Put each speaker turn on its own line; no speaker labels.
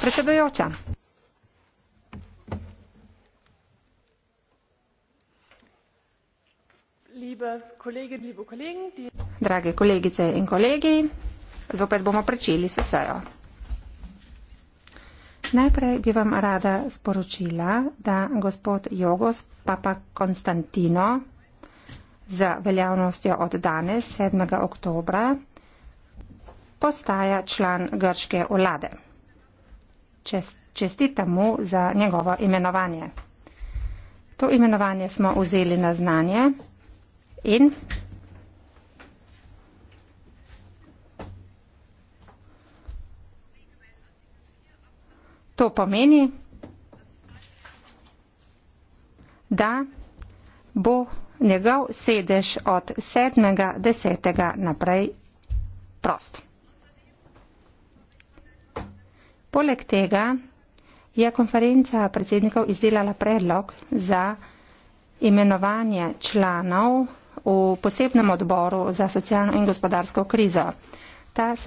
predsedujoča drage kolegice in kolegi zopet bomo pričeli s sejo najprej bi vam rada sporočila da gospod Jogos papa Konstantino za veljavnostjo od danes 7. oktobra postaja član grške vlade. Čestitam mu za njegovo imenovanje. To imenovanje smo vzeli na znanje in to pomeni, da bo njegov sedež od 7.10. naprej prost. Poleg tega je konferenca predsednikov izdelala predlog za imenovanje članov v posebnem odboru za socialno in gospodarsko krizo. Ta se